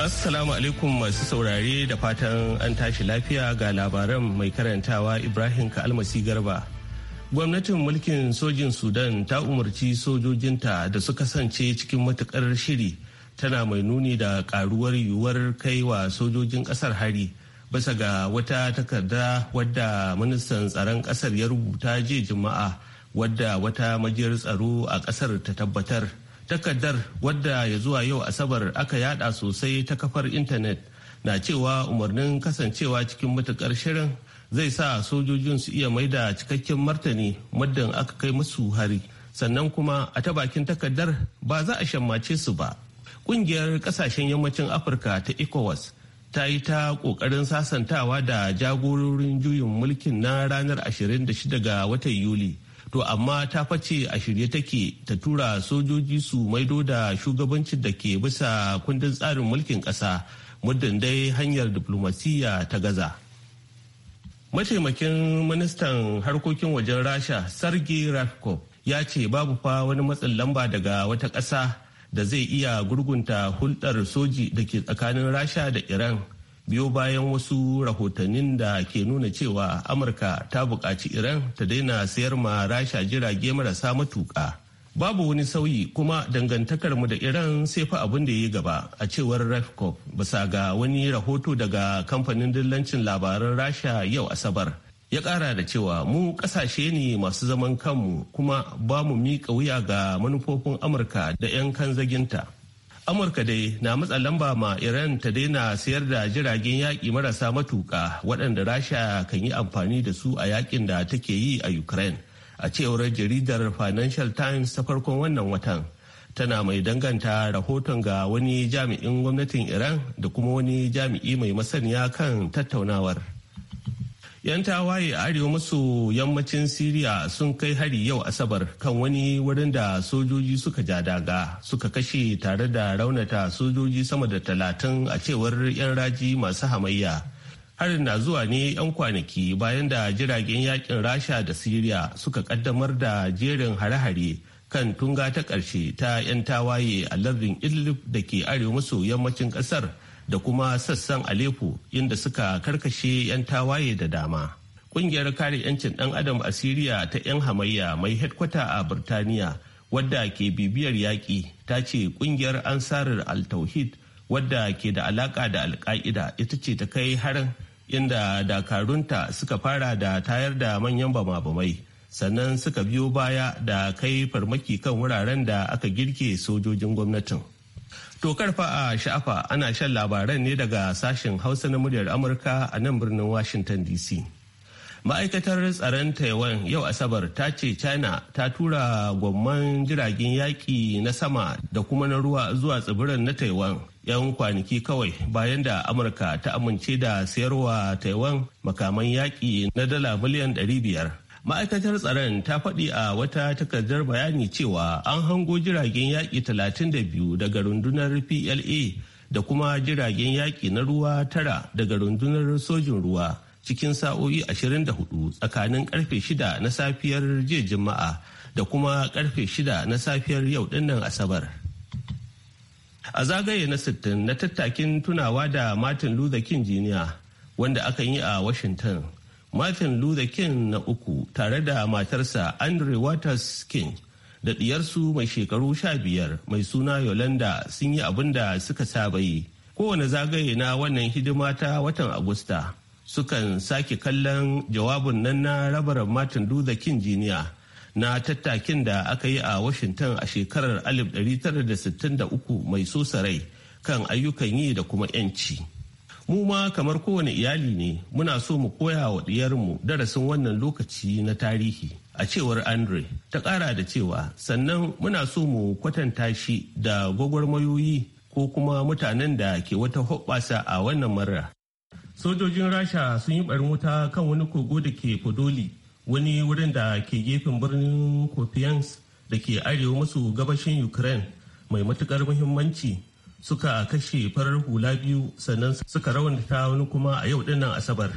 Assalamu alaikum masu saurare da fatan an tashi lafiya ga labaran mai karantawa Ibrahim Ka'almasi Garba. Gwamnatin mulkin sojin Sudan ta umarci sojojinta da su kasance cikin matukar shiri tana mai nuni da karuwar yiwuwar kai wa sojojin kasar hari bisa ga wata takarda wadda ministan tsaron kasar ya rubuta jiya juma'a wadda wata majiyar tsaro a kasar ta tabbatar. takardar wadda ya zuwa yau asabar aka yada sosai ta kafar intanet na cewa umarnin kasancewa cikin matukar shirin zai sa sojojin su iya maida cikakken martani muddin aka kai musu hari sannan kuma a ta bakin takardar ba za a shammace su ba kungiyar kasashen yammacin afirka ta ecowas ta yi ta kokarin sasantawa da jagororin juyin mulkin na ranar 26 ga watan yuli to amma ta face a shirye take ta tura sojoji su maido da shugabancin da ke bisa kundin tsarin mulkin ƙasa muddin dai hanyar diplomasiya ta gaza mataimakin ministan harkokin wajen rasha sargi rafkov ya ce babu fa wani matsin lamba daga wata ƙasa da zai iya gurgunta hulɗar soji da ke tsakanin rasha da iran biyo bayan wasu rahotannin da ke nuna cewa amurka ta buƙaci iran ta daina sayar ma rasha jirage marasa matuƙa babu wani sauyi kuma dangantakar mu da iran sai fa abin da ya yi gaba a cewar refcop bisa ga wani rahoto daga kamfanin dillancin labaran rasha yau asabar ya kara da cewa mu kasashe ne masu zaman kanmu kuma ba mu miƙa wuya ga manufofin amurka da 'yan kan zaginta amurka dai na matsa lamba ma iran ta daina sayar da jiragen yaƙi marasa matuƙa waɗanda rasha kan yi amfani da su a yaƙin da take yi a ukraine a cewar jaridar financial times ta farkon wannan watan tana mai danganta rahoton ga wani jami'in gwamnatin iran da kuma wani jami'i mai masaniya kan tattaunawar. 'Yan tawaye a arewa maso yammacin Siriya sun kai hari yau Asabar kan wani wurin da sojoji suka ja daga suka kashe tare da raunata sojoji sama da talatin a cewar 'yan raji masu hamayya. Harin na zuwa ne 'yan kwanaki bayan da jiragen yakin Rasha da Siriya suka kaddamar da jerin hare-hare kan tunga ta ƙarshe ta 'yan tawaye a lardin Idlib da ke arewa maso yammacin ƙasar. da kuma sassan Aleppo inda suka karkashe 'yan tawaye da dama. Kungiyar kare 'yancin ɗan adam a Siriya ta 'yan hamayya mai hedkwata a Birtaniya wadda ke bibiyar yaƙi ta ce kungiyar Ansarar Al-Tauhid wadda ke da alaƙa da alƙa'ida ita ce ta kai harin inda dakarunta suka fara da tayar da manyan bama-bamai sannan suka biyo baya da kai farmaki kan wuraren da aka girke sojojin gwamnatin. Tokar fa a sha'afa ana shan labaran ne daga sashen Hausa na muryar Amurka a nan birnin Washington DC. Ma'aikatar tsaron Taiwan yau Asabar ta ce China ta tura gwamman jiragen yaƙi na sama da kuma na ruwa zuwa tsibirin na Taiwan 'yan kwanaki kawai bayan da Amurka ta amince da sayarwa Taiwan makaman yaƙi na dala miliyan 500. ma'aikatar tsaron ta faɗi a wata takardar bayani cewa an hango jiragen yaƙi 32 daga rundunar pla da kuma jiragen yaƙi na ruwa tara daga rundunar sojin ruwa cikin sa'o'i 24 tsakanin karfe 6 na safiyar jiya juma'a da kuma karfe 6 na safiyar yau dinnan asabar a zagaye na 60 na tattakin tunawa da martin luther king jr wanda aka yi a washington Martin Luther King na uku tare da matarsa Andre Waters King da ɗiyarsu mai shekaru sha biyar mai suna Yolanda sun yi abin da suka saba yi. Kowane zagaye na wannan hidima ta watan Agusta sukan sake kallon jawabin nan na rabarar Martin Luther King jr na tattakin da aka yi a Washington a shekarar 1963 mai so sarai kan ayyukan yi da kuma 'yanci. mu ma kamar kowane iyali ne muna so mu koya wa ɗiyarmu darasin wannan lokaci na tarihi a cewar andre ta kara da cewa sannan muna so mu kwatanta shi da gwagwarmayoyi ko kuma mutanen da ke wata hoɓɓasa a wannan mara. sojojin rasha sun yi barin wuta kan wani kogo da ke podoli wani wurin da ke gefen birnin kofiyans da ke arewa masu gabashin ukraine mai matukar muhimmanci suka kashe farar hula biyu sannan suka rawanta wani kuma a yau dinnan asabar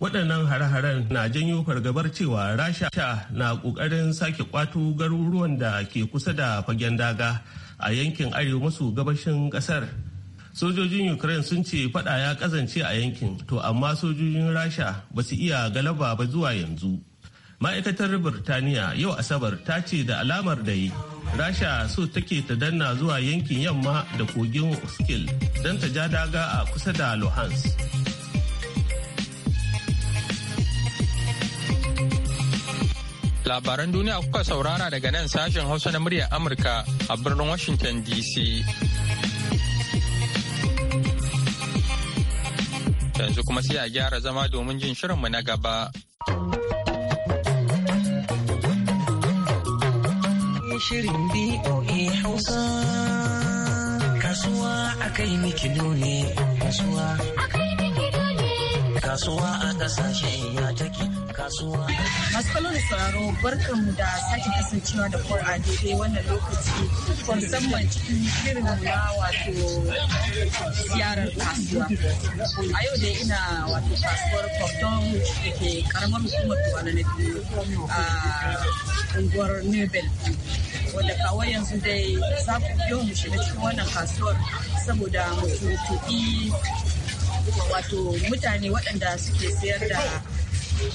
waɗannan hare-haren na janyo fargabar cewa rasha na ƙoƙarin sake kwato garuruwan da ke kusa da fagen daga a yankin arewa maso gabashin ƙasar sojojin ukraine sun ce fada ya kazance a yankin to amma sojojin rasha ba su iya galaba ba zuwa yanzu ma'aikatar birtaniya yau asabar ta ce da alamar da yi rasha so take ta danna zuwa yankin yamma da kogin uskil don ta ja daga a kusa da lohans labaran duniya kuka saurara daga nan sashen hausa na muryar amurka a birnin washington dc yanzu kuma sai a gyara zama domin jin shirinmu na gaba shirin BOA Hausa. Kasuwa a kai mikido ne, kasuwa a Kasuwa a kasashen ya take. Masu kallon da sauraro da sake kasancewa da kuwar a daidai wannan lokaci musamman cikin shirin na wato siyarar kasuwa. A yau dai ina wato kasuwar Kwamton da ke karamar hukumar Tuwa na Nabi a unguwar Nebel. wanda kawai yanzu dai za ku yau mu shiga cikin wannan kasuwar saboda mu tuntuɓi wato mutane waɗanda suke sayar da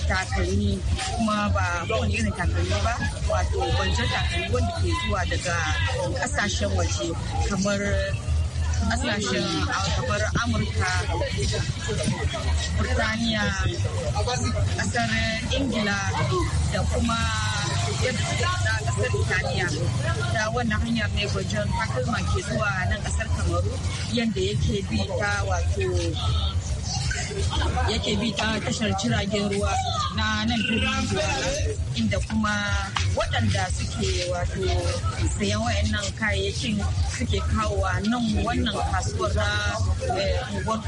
takalmi kuma ba kowane irin takalmi ba wato banjar takalmi wanda ke zuwa daga ƙasashen waje kamar kasashen kamar amurka burtaniya ƙasar ingila da kuma yadda ta Italiya ta wannan hanyar ne gwajin takalma ke zuwa nan kasar Kamaru yadda yake bi ta wato yake bi ta tashar jiragen ruwa na nan turin inda kuma waɗanda suke wato sayan wayannan kayayyakin suke kawowa nan wannan kasuwar na eh, unguwar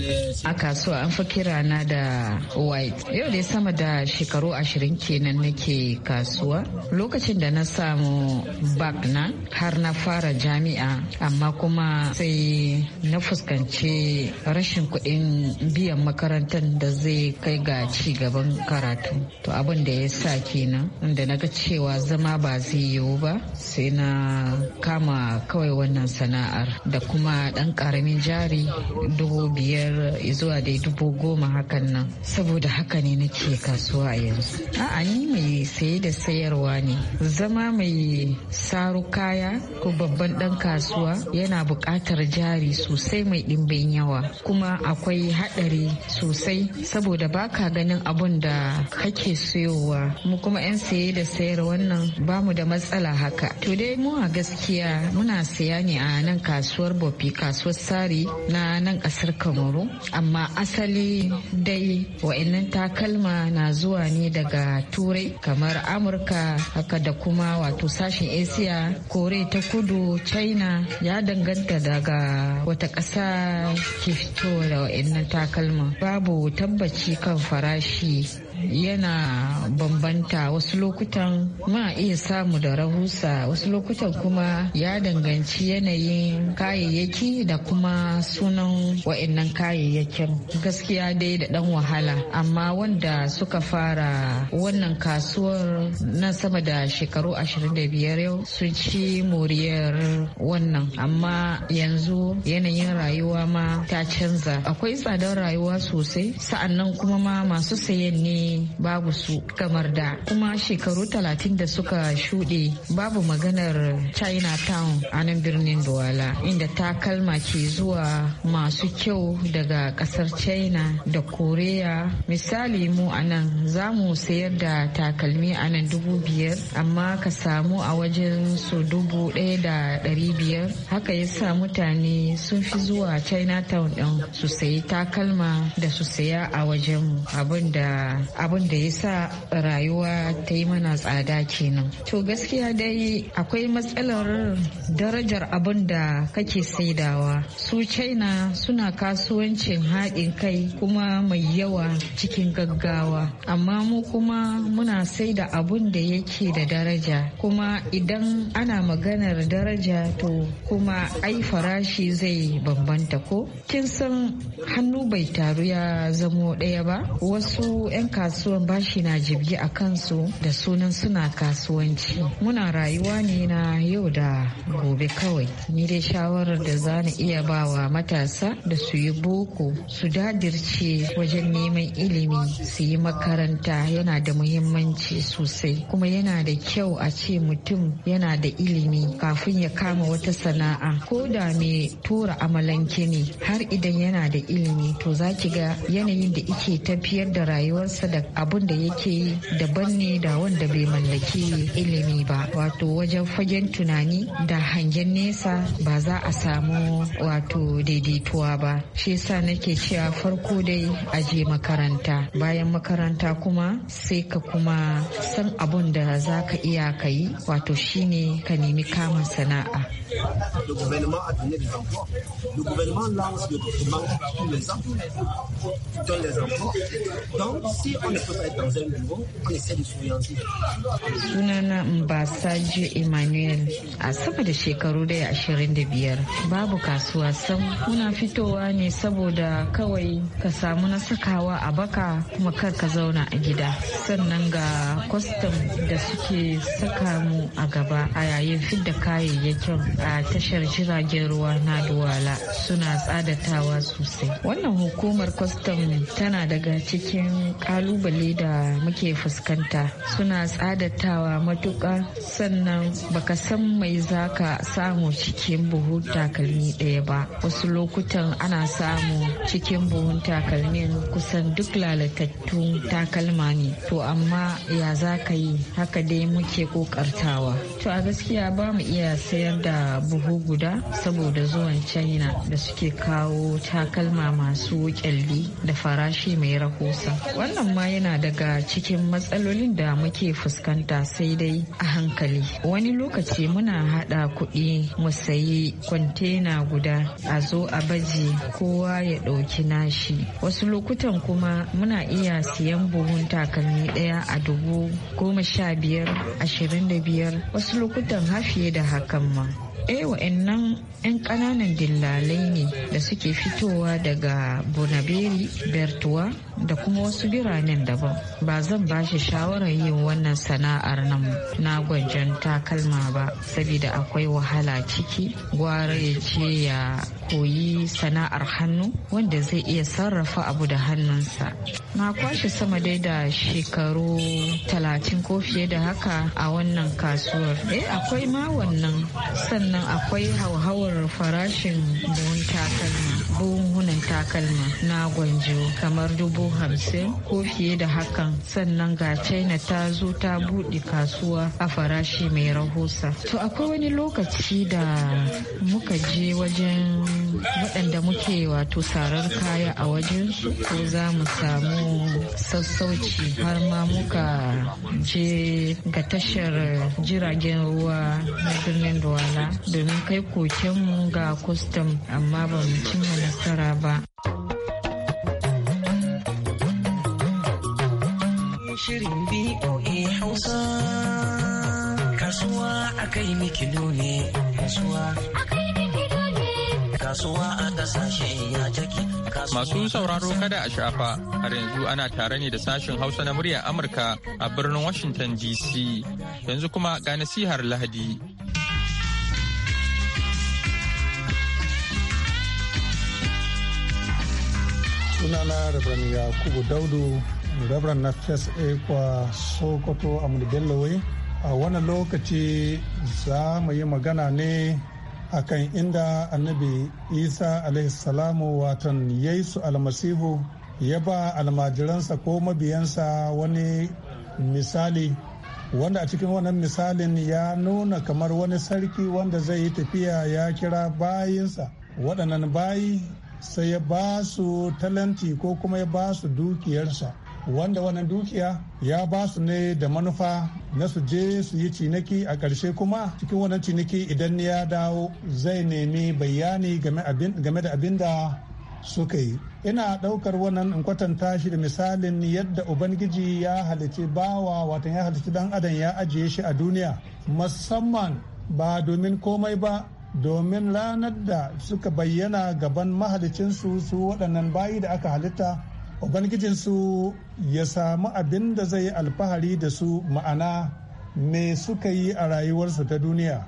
eh, a kasuwa an fi kira na da white. Yau dai sama da shekaru ashirin kenan nake kasuwa. Lokacin da na samu bag na har na fara jami'a jami'a amma kuma sai na fuskanci rashin kuɗin biyan makarantar da zai kai ga ci gaban karatu to abin da ya sa kenan inda na ga cewa zama ba zai yiwu ba sai na kama kawai wannan sana'ar da kuma ɗan ƙaramin jari dubu biyar zuwa dai dubu goma hakan nan saboda haka ne nake kasuwa yanzu a'a ni mai saye da sayarwa ne zama mai saru kaya ko babban ɗan kasuwa yana buƙatar jari sosai mai ɗimbin yawa kuma akwai haɗari sosai saboda baka ganin abun da kake sayowa mu kuma 'yan saye da sayar wannan bamu da matsala haka to dai mu a gaskiya muna saya ne a nan kasuwar bofi kasuwar sari na nan ƙasar kamaru amma asali dai wa'annan takalma na zuwa ne daga turai kamar amurka haka da kuma wato sashen asia kore ta kudu china China ya danganta daga wata ƙasa ke fito da wa'annan takalma. Babu tabbaci kan farashi yana bambanta wasu lokutan ma iya samu da rahusa wasu lokutan kuma ya danganci yanayin kayayyaki da kuma sunan wa'annan kayayyakin gaskiya dai da dan wahala amma wanda suka fara wannan kasuwar na sama da shekaru 25 yau sun ci moriyar wannan amma yanzu yanayin rayuwa ma ta canza akwai tsadar rayuwa sosai sa'annan kuma ma masu sayen ne babu su kamar da kuma shekaru talatin da suka shuɗe babu maganar chinatown a nan birnin duwala inda takalma ke zuwa masu kyau daga ƙasar china da korea misali mu a nan za mu sayar da takalmi a nan dubu biyar amma ka samu a wajen su dubu ɗaya da ɗari biyar haka ya sa mutane sun fi zuwa chinatown ɗin su sayi takalma da su saya a wajen abin da abin da ya sa rayuwa ta yi mana tsada kenan to gaskiya dai akwai matsalar darajar abin da kake saidawa su china suna kasuwancin haɗin kai kuma mai yawa cikin gaggawa amma mu kuma muna saida abin da yake da daraja kuma idan ana maganar daraja to kuma ai farashi zai bambanta ko kin san hannu bai taru ya zamo ɗaya ba wasu 'yan kasuwan bashi na jibgi a kansu da sunan suna kasuwanci muna rayuwa ne na yau da gobe kawai ni dai shawarar da za ni iya wa matasa da su yi boko su dadirce wajen neman ilimi su yi makaranta yana da muhimmanci sosai kuma yana da kyau a ce mutum yana da ilimi kafin ya kama wata sana'a ko da mai tura amalanke ne har idan yana da ilimi to za ki ga yanayin da ike tafiyar da rayuwarsa da da abun da yake yi daban ne da wanda bai mallaki ilimi ba wato wajen fagen tunani da hangen nesa ba za a samu wato daidaituwa ba shi yasa nake cewa farko dai a je makaranta bayan makaranta kuma sai ka kuma san abun da za ka iya ka yi wato shine ka nemi kamun sana'a Donc, si Sunana Mbasaji Emmanuel a sama da shekaru da ashirin da biyar babu kasuwa sam muna fitowa ne saboda kawai ka samu na sakawa a baka kuma kar ka zauna a gida sannan ga kwastam da suke saka mu a gaba a yayin fidda kayayyakin a tashar jiragen ruwa na duwala suna tsadatawa sosai wannan hukumar kwastam tana daga cikin kalu kalubale da muke fuskanta suna tsadatawa matuka sannan baka san mai zaka samu cikin buhun takalmi ɗaya ba wasu lokutan ana samu cikin buhun takalmin kusan duk lalatattun takalma ne to amma ya za ka yi haka dai muke kokartawa to a gaskiya ba mu iya sayar da buhu guda saboda zuwan china da suke kawo takalma masu kyalli da farashi mai rahusa wannan ma yana daga cikin matsalolin da muke fuskanta sai dai a hankali wani lokaci muna hada kuɗi mu sayi kwantena guda a zo a baje kowa ya ɗauki nashi wasu lokutan kuma muna iya siyan buhun takalmi ɗaya a dubu goma sha biyar ashirin da biyar wasu lokutan hafiye da hakan ma eh wa'annan 'yan ƙananan dillalai ne da suke fitowa daga bonaberi bertuwa da kuma wasu biranen daban ba zan ba shi shawarar yin wannan sana'ar nan na gwajen takalma ba saboda akwai wahala ciki gwara ya ce ya koyi sana'ar hannu wanda zai iya sarrafa abu da hannunsa na kwashe sama dai da shekaru talatin ko fiye da haka a wannan kasuwar eh akwai ma wannan sannan nan akwai hauhawar farashin buhun takalma buhunan takalma na gwanjo kamar dubu hamsin ko fiye da hakan sannan ga china ta zo ta buɗe kasuwa a farashi mai rahusa to akwai wani lokaci da muka je wajen waɗanda muke wato sarar kaya a wajen su ko za mu samu sassauci har ma muka je ga tashar jiragen ruwa na birnin duwala domin kai kokenmu ga kwastam amma ba mu cimma nasara ba. Shirin BOA Hausa Kasuwa a kai ne Kasuwa Masu sauraro kada a shafa har yanzu ana tare ne da sashen Hausa na muryar Amurka a birnin Washington DC yanzu kuma ga nasihar Lahadi. sunana rabran yakubu daudu rabran na fesa ekwa sokoto a wai. a wani lokaci za mu yi magana ne akan inda annabi isa alaihissalamu watan yesu almasihu ya ba almajiransa ko mabiyansa wani misali wanda a cikin wannan misalin ya nuna kamar wani sarki wanda zai yi tafiya ya kira bayinsa waɗannan bayi sai ya ba su talenti ko kuma ya ba su dukiyarsa wanda wannan dukiya ya ba su ne da manufa na su je su yi ciniki a ƙarshe kuma cikin wannan ciniki idan ya dawo zai nemi bayani game da abin da suka yi ina ɗaukar wannan in kwatanta shi da misalin yadda ubangiji ya halicci bawa watan ya halicci dan adam ya ajiye shi a duniya musamman ba domin komai ba domin ranar da suka bayyana gaban mahalicinsu su waɗannan bayi da aka halitta ubangijinsu ya samu abin da zai yi alfahari da su ma'ana me suka yi a rayuwarsu ta duniya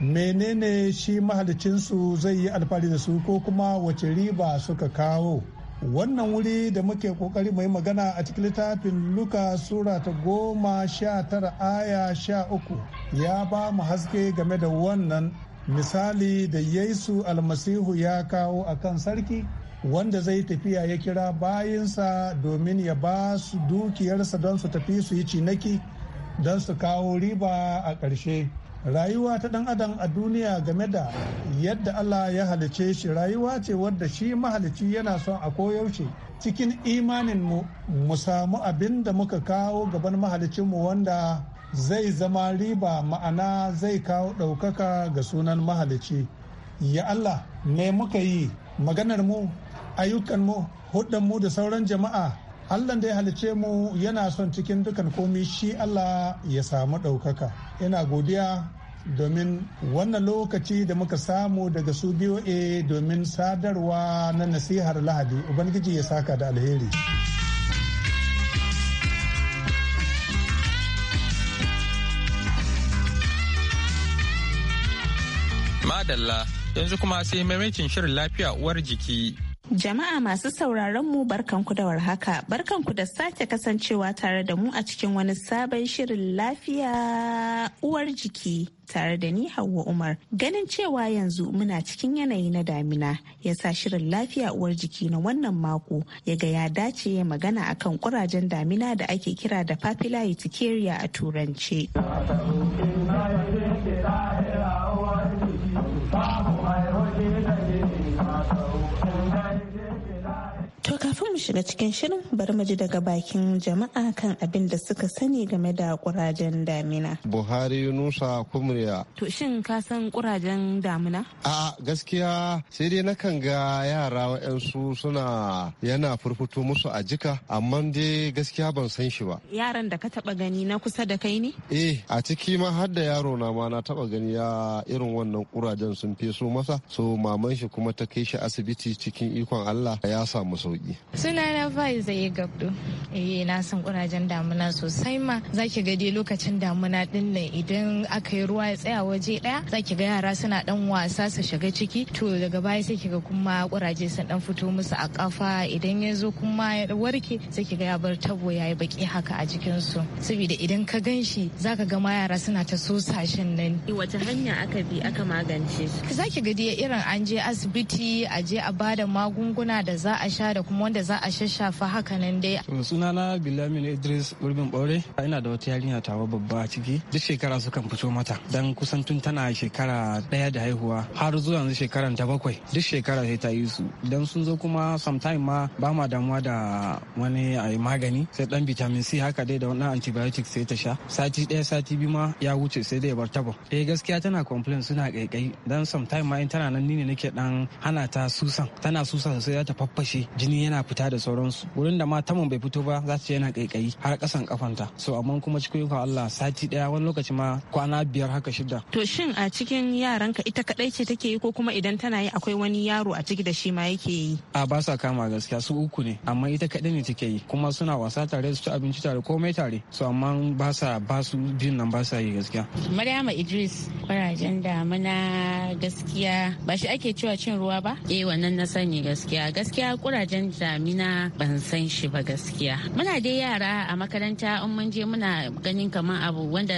menene shi mahalicinsu zai yi alfahari da su ko kuma wace riba suka kawo wannan wuri da muke kokari mai magana a cikin littafin luka sura ta goma sha tara aya sha uku ya ba mu haske game da wannan misali da yesu almasihu ya kawo a kan sarki wanda zai tafiya ya kira bayinsa domin ya ba su dukiyarsa don su tafi su yi cinaki don su kawo riba a ƙarshe rayuwa ta ɗan adam a duniya game da yadda allah ya halice shi rayuwa ce wadda shi mahalici yana son a koyaushe cikin imanin mu mu samu abin da muka kawo gaban mahalicinmu wanda zai zama riba ma'ana zai kawo ɗaukaka ga sunan mahalici ya Allah ne muka yi maganar mu ayyukan mu hudun mu da sauran jama'a Allah da ya halice mu yana son cikin dukan komi shi Allah ya samu ɗaukaka ina godiya domin wannan lokaci da muka samu daga su BOA domin sadarwa na nasihar lahadi ubangiji ya saka da alheri. madalla yanzu kuma sai maimacin shirin lafiya uwar jiki. Jama'a masu sauraron mu barkanku da warhaka, barkanku da sake kasancewa tare da mu a cikin wani sabon shirin lafiya uwar jiki. tare da ni Hauwa Umar. Ganin cewa yanzu muna cikin yanayi na damina ya sa shirin lafiya uwar jiki na wannan mako ya ga ya dace ya magana akan kurajen damina da ake kira da papilla urticaria a turance. mu shiga cikin shirin bari mu ji daga bakin jama'a kan abin da suka sani game da kurajen damina. Buhari Nusa Kumriya. To shin ka san kurajen damina? A gaskiya sai dai nakan ga yara wa'yansu suna yana furfuto musu a jika amma dai gaskiya ban san shi ba. Yaran da ka taba gani na kusa da kai ne? Eh a ciki ma har da yaro na ma na taba gani ya irin wannan kurajen sun fi feso masa so maman shi kuma ta kai shi asibiti cikin ikon Allah ya samu sauki. na bai zai gabdo eh na san kurajen damuna sosai ma zaki ga dai lokacin damuna din nan idan aka yi ruwa ya tsaya waje daya zaki ga yara suna dan wasa su shiga ciki to daga baya sai kiga kuma kuraje sun dan fito musu a kafa idan ya zo kuma ya warke sai kiga ya bar tabo yayi baki haka a jikin su saboda idan ka ganshi zaka ga ma yara suna ta sosashin nan wace hanya aka bi aka magance shi zaki ga irin an je asibiti a je a bada magunguna da za a sha da kuma wanda za a shashafa hakanan dai. To sunana Bilamin Idris Gurbin Ɓaure ina da wata yarinya tawa babba a ciki duk shekara sukan fito mata dan kusan tun tana shekara daya da haihuwa har zuwa yanzu shekaran ta bakwai duk shekara sai ta yi su dan sun zo kuma sometime ma ba ma damuwa da wani a magani sai dan vitamin C haka dai da wani antibiotic sai ta sha sati daya sati biyu ma ya wuce sai dai bar tabo. Eh gaskiya tana complain suna kaikai dan sometime ma in tana nan ni ne nake dan hana ta susan tana susan sai za ta faffashe jini yana fita da sauransu wurin da ma taman bai fito ba za ta yana kaikayi har kasan kafanta so amma kuma cikin ka Allah sati daya wani lokaci ma kwana biyar haka shida to shin a cikin yaran ka ita kadai ce take yi ko kuma idan tana yi akwai wani yaro a ciki da shi ma yake yi a ba sa kama gaskiya su uku ne amma ita kadai ne take yi kuma suna wasa tare su ci abinci tare komai tare so amma ba sa ba su biyun nan ba sa yi gaskiya Maryama Idris kwarajen damuna gaskiya ba shi ake cewa cin ruwa ba eh wannan na sani gaskiya gaskiya kurajen damina na ban san shi ba gaskiya muna dai yara a makaranta in mun je muna ganin kaman abu wanda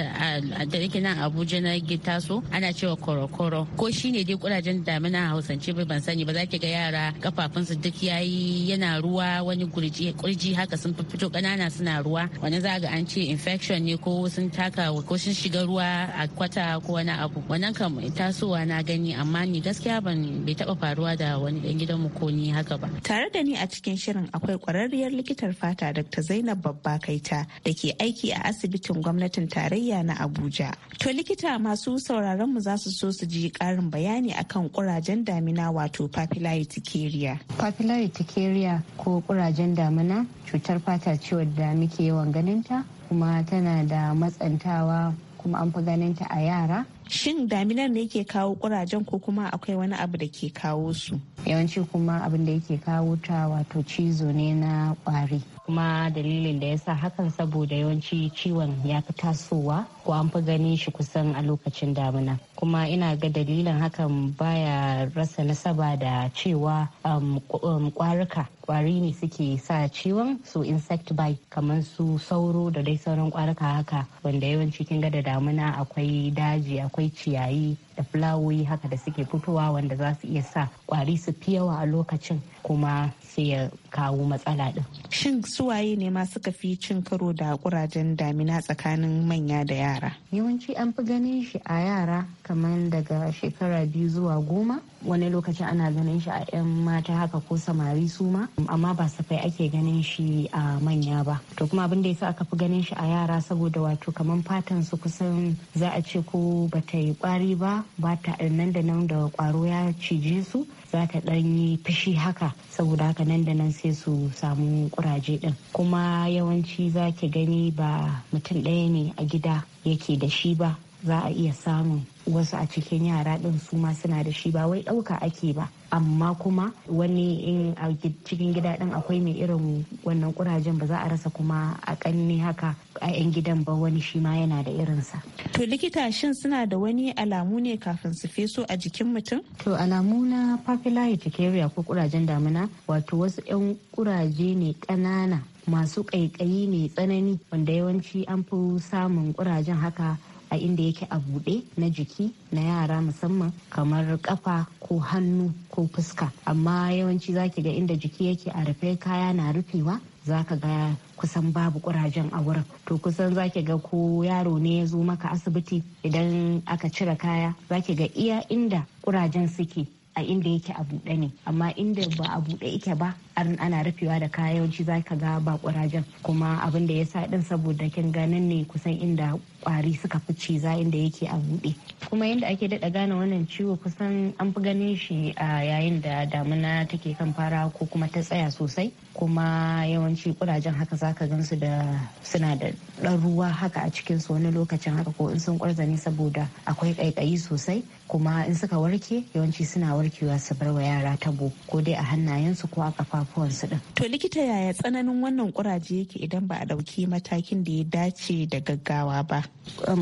da yake nan abuja na gita so ana cewa korokoro ko shine dai kurajen damina hausance ba ban sani ba za ki ga yara kafafunsu duk yayi yana ruwa wani gurji kurji haka sun fito kanana suna ruwa wani za ga an ce infection ne ko sun taka ko sun shiga ruwa a kwata ko wani abu wannan kam tasowa na gani amma ni gaskiya ban bai taba faruwa da wani dan gidanmu ko ni haka ba tare da ni a cikin shirin akwai kwararriyar likitar fata Dr. Zainab Babba Kaita da ke aiki a asibitin gwamnatin tarayya na Abuja. To likita masu sauraron mu za su so su ji karin bayani akan kurajen damina wato papillary urticaria. Papillary urticaria ko kurajen damina cutar fata ce wadda muke yawan ganinta kuma tana da matsantawa kuma an fi ganinta a yara shin daminar ne ke kawo kurajen ko kuma akwai wani abu da ke kawo su yawanci kuma abin da yake kawo ta wato cizo ne na kwari kuma dalilin da ya sa hakan saboda yawanci ciwon ya fi tasowa ko an fi ganin shi kusan a lokacin damina kuma ina ga dalilin hakan baya rasa nasaba da cewa um, um, kwarika kwari ne suke sa ciwon su insect bite kamar su sauro da dai sauran kwarika haka wanda yawanci kin ga da damina akwai daji akwai ciyayi da fulawoyi haka da suke fitowa wanda za su iya sa kwari su fi yawa a lokacin kuma sai ya kawo matsala din. Shin suwaye ne ma suka fi cin karo da kurajen damina tsakanin manya da yara? Yawanci an fi ganin shi a yara kamar daga shekara biyu zuwa goma wani lokaci ana ganin shi a 'yan mata haka ko samari su ma amma ba safai ake ganin shi a manya ba to kuma abin da ya sa aka fi ganin shi a yara saboda wato kamar fatan su kusan za a ce ko bata yi kwari ba ba ta nan da nan da kwaro ya cije su za ta dan yi fishi haka saboda haka nan da nan sai su samu kuraje din kuma yawanci za ki gani ba mutum ɗaya ne a gida yake da shi ba za a iya samun wasu a cikin yara ɗin su ma suna da shi ba wai ɗauka ake ba amma kuma wani in a cikin gida ɗin akwai mai irin wannan kurajen ba za a rasa kuma a ƙanni haka a 'yan gidan ba wani shi ma yana da irinsa. To likita shin suna da wani alamu ne kafin su feso a jikin mutum? To alamu na papillary urticaria ko kurajen damina wato wasu 'yan ƙuraje ne ƙanana masu ƙaiƙayi mai tsanani wanda yawanci an fi samun ƙurajen haka a inda yake a buɗe na jiki na yara musamman kamar kafa ko hannu ko fuska amma yawanci zaki ga inda jiki yake a rufe kaya na rufewa zaka ga kusan babu kurajen a wurin to kusan zaki ga ko yaro ne ya zo maka asibiti idan aka cire kaya zaki ga iya inda kurajen suke a inda yake a buɗe ne amma inda ba a buɗe yake ba ana rufewa da kayawanci za ka ga ba kurajen kuma abin da ya sa din saboda kin ganin ne kusan inda kwari suka fi ciza inda yake a buɗe kuma yadda ake daɗa gane wannan ciwo kusan an fi ganin shi a yayin da damuna take kan fara ko kuma ta tsaya sosai kuma yawanci kurajen haka za zaka gansu da suna da ɗan ruwa haka a cikin su wani lokacin haka ko in sun kwarzane saboda akwai ƙaiƙayi sosai kuma in suka warke yawanci suna warkewa su bar wa yara tabo ko dai a hannayensu ko a kafafuwansu din. To likita yaya tsananin wannan kuraje yake idan ba a ɗauki matakin da ya dace da gaggawa ba?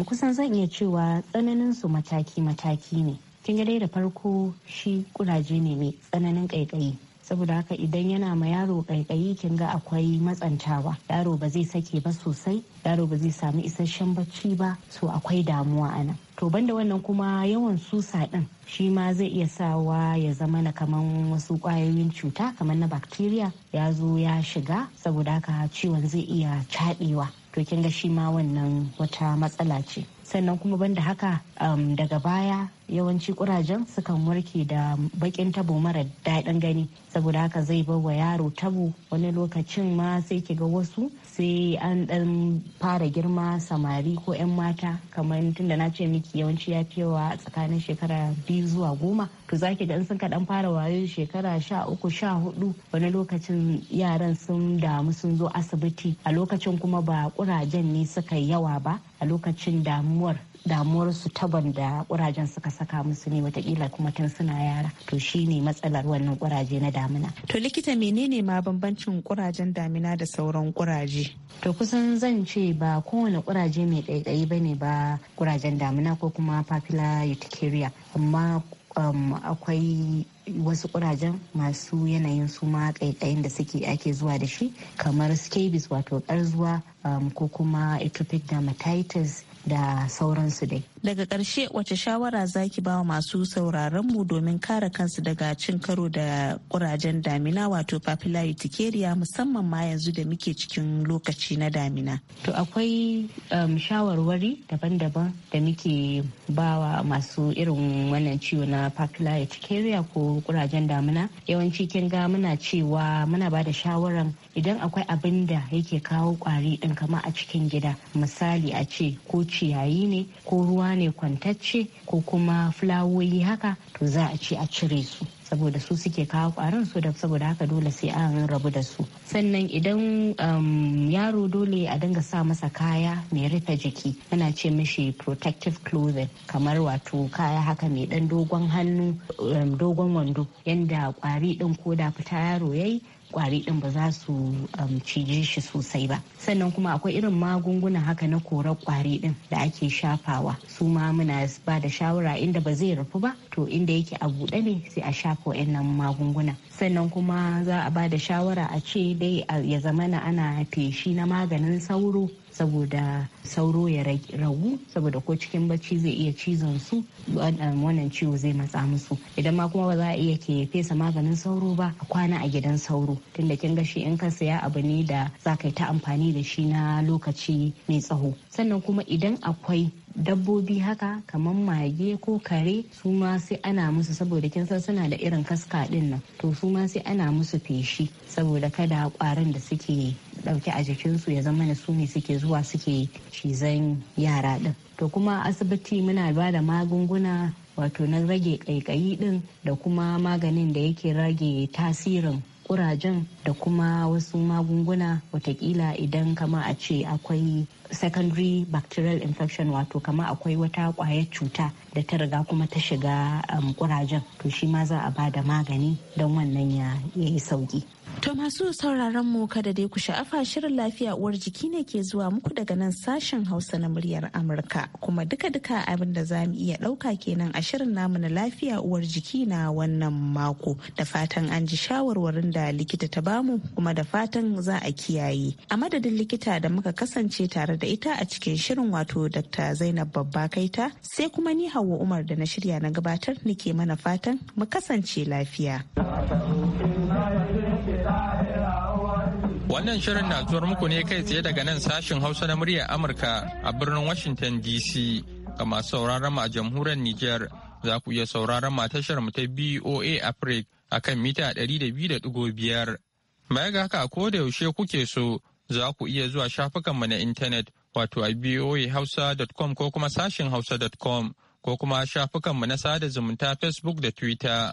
kusan zan iya cewa tsananin su mataki-mataki ne tun dai da farko shi kuraje ne mai tsananin kaikayi saboda haka idan yana ma yaro kaikayi kin ga akwai matsantawa yaro ba zai sake ba sosai yaro ba zai samu isasshen bacci ba so akwai damuwa anan to banda wannan kuma yawan susa din shi ma zai iya sawa ya zama na kaman wasu kwayoyin cuta kamar na bacteria ya zo ya shiga saboda haka ciwon zai iya chaɗewa to kin ga shi ma wannan wata matsala ce sannan kuma banda haka um, daga baya yawanci kurajen sukan warke da bakin tabo mara daɗin gani saboda haka zai bar wa yaro tabo wani lokacin ma sai ki ga wasu sai an ɗan fara girma samari ko 'yan mata kamar tunda na ce miki yawanci ya fi yawa tsakanin shekara biyu zuwa goma to za ki ga in sun kaɗan fara wayo shekara sha uku sha hudu wani lokacin yaran sun damu sun zo asibiti a lokacin kuma ba kurajen ne suka yawa ba a lokacin damuwar damuwarsu taban da kurajen suka saka musu ne watakila kuma tun suna yara to shine matsalar wannan kuraje na damina to likita menene ma bambancin kurajen damina da sauran kuraje to kusan zan ce ba kowane kuraje mai ɗaiɗai ba ne ba kurajen damina ko kuma popular urticaria amma um, akwai wasu kurajen masu yanayin su ma ƙaiƙayin da suke ake zuwa da shi kamar scabies wato ƙarzuwa um, ko kuma atopic dermatitis da sauransu dai. Daga ƙarshe wace shawara zaki ba masu sauraron mu domin kare kansu daga cin karo da kurajen damina wato papillary tikeriya musamman ma yanzu da muke cikin lokaci na damina. To akwai um, shawarwari daban-daban da muke bawa masu irin wannan ciwo na papillary tikeriya ko ƙurajen damina. Yawanci kin ga muna cewa muna ba da shawaran idan akwai abin da yake kawo kwari ɗin kama a cikin gida misali a ce ko ciyayi ne ko ruwa ne kwantacce ko kuma fulawoyi haka to za a ce a cire su saboda su suke kawo kwarin su da saboda haka dole sai an rabu da su sannan idan um, yaro dole a dinga sa masa kaya mai rufe jiki ana ce mishi protective clothing kamar wato kaya haka mai dan dogon hannu um, dogon wando yadda kwari din da fita yaro yayi kwari din ba za su um, cije shi sosai ba sannan kuma akwai irin magunguna haka na korar kwari din da ake shafawa su ma muna ba da shawara inda ba zai rufu ba to inda yake a buɗe ne sai a shafa wa'annan magunguna sannan kuma za a ba da shawara a ce dai ya zamana ana feshi na maganin sauro saboda sauro ya ragu saboda ko cikin bacci zai iya cizon su wannan ciwo zai matsa musu idan ma kuma ba za a iya ke fesa maganin sauro ba a kwana a gidan sauro tunda kin ga shi in ka saya abu ne da za ka yi ta amfani da shi na lokaci mai tsaho sannan kuma idan akwai dabbobi haka kamar mage ko kare su ma sai ana musu saboda kin san suna da irin kaska din nan to su ma sai ana musu feshi saboda kada kwarin da suke ɗauki a jikinsu ya zama su ne suke zuwa suke cizon yara ɗin to kuma asibiti muna ba da magunguna wato na rage ƙaiƙayi ɗin da kuma maganin da yake rage tasirin kurajen da kuma wasu magunguna watakila idan kama a ce akwai secondary bacterial infection wato kama akwai wata kwayar cuta da ta riga kuma ta shiga kurajen um, to shi ma za a ba da magani don wannan ya yi sauki To masu sauraron mu kada dai ku sha'afa shirin lafiya uwar jiki ne ke zuwa muku daga nan sashen Hausa na muryar Amurka kuma duka-duka abin da za mu iya ɗauka kenan a shirin namu na lafiya uwar jiki na wannan mako da fatan an ji shawarwarin da likita ta bamu kuma da fatan za a kiyaye. A madadin likita da muka kasance tare da ita a cikin shirin wato Dr. Zainab Babba Kaita sai kuma ni Hauwa Umar da na shirya na gabatar nake mana fatan mu kasance lafiya. Wannan shirin na zuwar muku ne kai tsaye daga nan sashin Hausa na muryar Amurka a birnin Washington DC ga masu sauraron mu a jamhuriyar Nijar za ku iya sauraron mu a tashar mu ta BOA Africa akan mita da da biyu 200.5. Baya ga haka ko da yaushe kuke so za ku iya zuwa shafukan mu na intanet wato a boahausa.com ko kuma sashin hausa.com ko kuma shafukan mu na sada zumunta Facebook da Twitter.